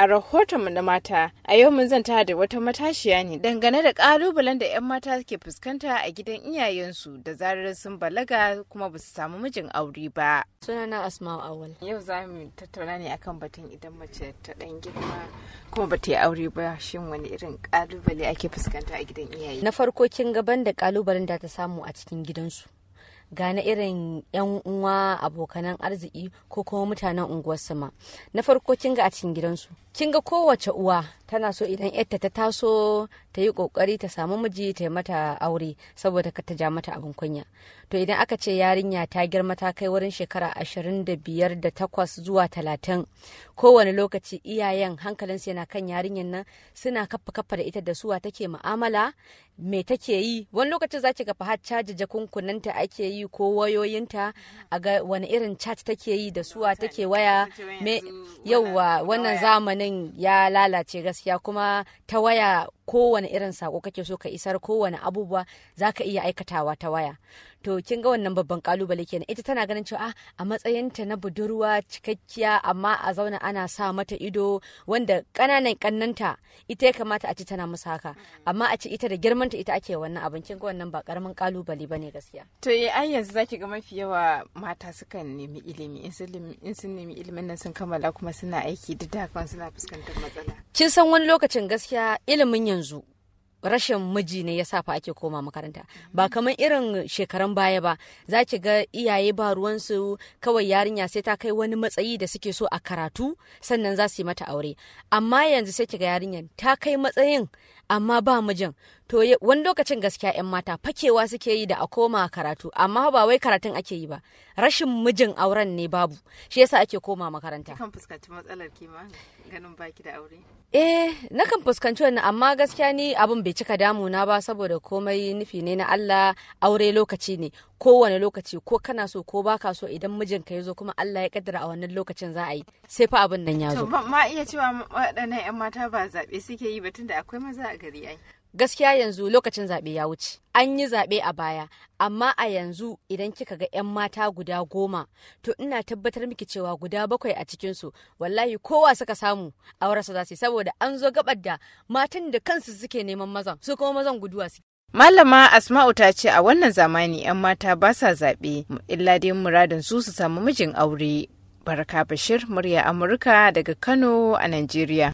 a rahotonmu na mata a yau mun zanta da wata matashiya ne dangane da kalubalen da 'yan mata ke fuskanta a gidan iyayensu da zarar sun balaga kuma ba su samu mijin aure ba sunana asma awal yau za mu tattauna ne akan batun idan mace ta dan girma kuma ba ta yi aure ba shin wani irin kalubale ake fuskanta a gidan iyaye na farko kin gaban da kalubalen da ta samu a cikin gidansu ga irin yan uwa abokanan arziki ko kuma mutanen unguwarsu ma na farko kin ga a cikin gidansu kin ga kowace uwa tana so idan yadda ta taso ta yi kokari ta samu miji ta yi mata aure saboda ka ta ja mata abin kunya to idan aka ce yarinya ta girma ta kai wurin shekara ashirin da biyar da takwas zuwa talatin kowane lokaci iyayen hankalinsu yana kan yarinyar nan suna kafa kafa da ita da suwa take mu'amala me take yi wani lokacin za ki ga har caji ta ake yi ko wayoyinta a ga wani irin chat take yi da suwa take waya me yauwa wannan zamanin ya lalace gaskiya gaskiya kuma ta waya kowane irin sako kake so ka isar kowane abubuwa za ka iya aikatawa ta waya to kin ga wannan babban kalubale kenan ita tana ganin cewa ah, a matsayinta na budurwa cikakkiya amma a zauna ana sa mata ido wanda kananan kannanta ita ya kamata a ci tana musu haka amma a ci ita da girmanta ita ake wannan abin kin ga wannan ba karamin kalubale bane gaskiya to eh ai yanzu zaki ga mafi yawa mata sukan nemi ilimi in sun nemi ilimin nan sun kammala kuma suna aiki da suna fuskantar matsala kin san wani lokacin gaskiya ilimin yanzu rashin miji ne ya safa ake koma makaranta ba mhm. kamar irin shekaran baya ba za ki ga iyaye ba ruwansu kawai yarinya sai ta kai wani matsayi da suke so a karatu sannan za su yi mata aure amma yanzu sai ki ga yarinyar ta kai matsayin amma ba mijin to wani lokacin gaskiya 'yan mata fakewa suke yi da a koma karatu amma ba wai karatun ake yi ba rashin mijin auren ne babu shi yasa ake koma makaranta kan fuskanci matsalar kima ganin baki da aure eh na kan fuskanci wannan amma gaskiya ni abin bai cika damuna ba saboda komai nufi ne na Allah aure lokaci ne kowane lokaci ko kana so ko baka so idan mijin ka yazo kuma Allah ya kaddara a wannan lokacin za a yi sai fa abin nan ya zo ma iya cewa waɗannan 'yan mata ba zaɓe suke yi ba tunda akwai maza a gari ai gaskiya yanzu lokacin zaɓe ya wuce an yi zaɓe a baya amma a yanzu idan kika ga 'yan mata guda goma to ina tabbatar miki cewa guda bakwai a cikinsu wallahi kowa suka samu aurarsa za su saboda an zo gabar da matan da kansu suke neman mazan su kuma mazan guduwa su. Malama Asma'u ta ce a wannan zamani 'yan mata ba sa zaɓe illa dai muradin su su samu mijin aure. Barka Bashir, murya Amurka daga Kano a Najeriya.